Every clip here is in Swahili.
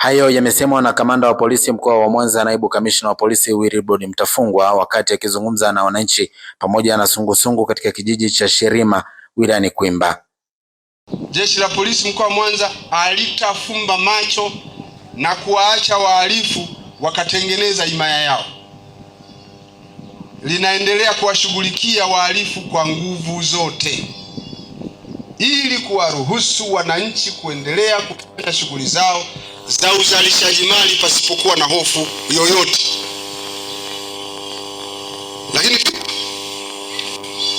Hayo yamesemwa na kamanda wa polisi mkoa wa Mwanza, naibu kamishna wa polisi Wilbrod Mtafungwa wakati akizungumza na wananchi pamoja na sungusungu katika kijiji cha Sherima wilayani Kwimba. Jeshi la polisi mkoa wa Mwanza halitafumba macho na kuwaacha wahalifu wakatengeneza himaya yao, linaendelea kuwashughulikia wahalifu kwa nguvu zote ili kuwaruhusu wananchi kuendelea kufanya shughuli zao za uzalishaji mali pasipokuwa na hofu yoyote. Lakini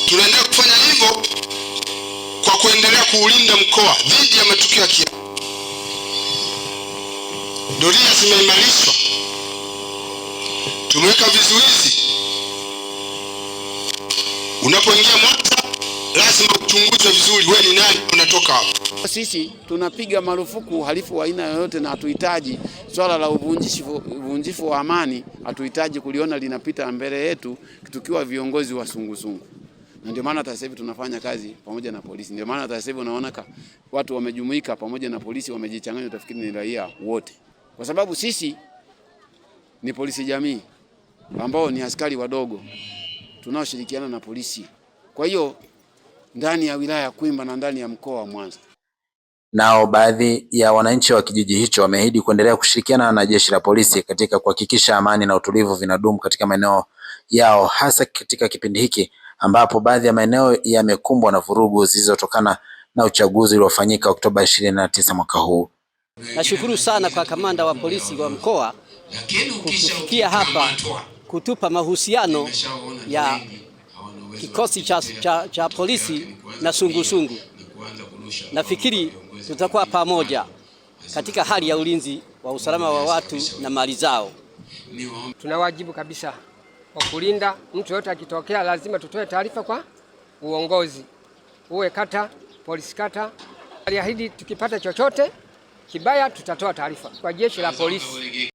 tunaendelea kufanya hivyo kwa kuendelea kuulinda mkoa dhidi ya matukio ya kia. Doria zimeimarishwa, tumeweka vizuizi unapoingia lazima uchunguzwe vizuri, wewe ni nani, unatoka hapo. Sisi tunapiga marufuku uhalifu wa aina yoyote, na hatuhitaji swala la uvunjifu wa amani, hatuhitaji kuliona linapita mbele yetu tukiwa viongozi wa sungusungu na ndio maana hata sasa hivi tunafanya kazi pamoja na polisi. Ndio maana hata sasa hivi unaona watu wamejumuika pamoja na polisi, wamejichanganya, utafikiri ni raia wote, kwa sababu sisi ni polisi jamii ambao ni askari wadogo tunaoshirikiana na polisi. Kwa hiyo ndani ya wilaya ya Kwimba na ndani ya mkoa wa Mwanza. Nao baadhi ya wananchi wa kijiji hicho wameahidi kuendelea kushirikiana na jeshi la polisi katika kuhakikisha amani na utulivu vinadumu katika maeneo yao, hasa katika kipindi hiki ambapo baadhi ya maeneo yamekumbwa na vurugu zilizotokana na uchaguzi uliofanyika Oktoba ishirini na tisa mwaka huu. Nashukuru sana kwa kamanda wa polisi wa mkoa kutufikia hapa kutupa mahusiano ya kikosi cha, cha, cha polisi na sungusungu. Nafikiri tutakuwa pamoja katika hali ya ulinzi wa usalama wa watu na mali zao. Tuna wajibu kabisa wa kulinda mtu yote akitokea, lazima tutoe taarifa kwa uongozi, uwe kata, polisi kata. Aliahidi tukipata chochote kibaya tutatoa taarifa kwa jeshi la polisi.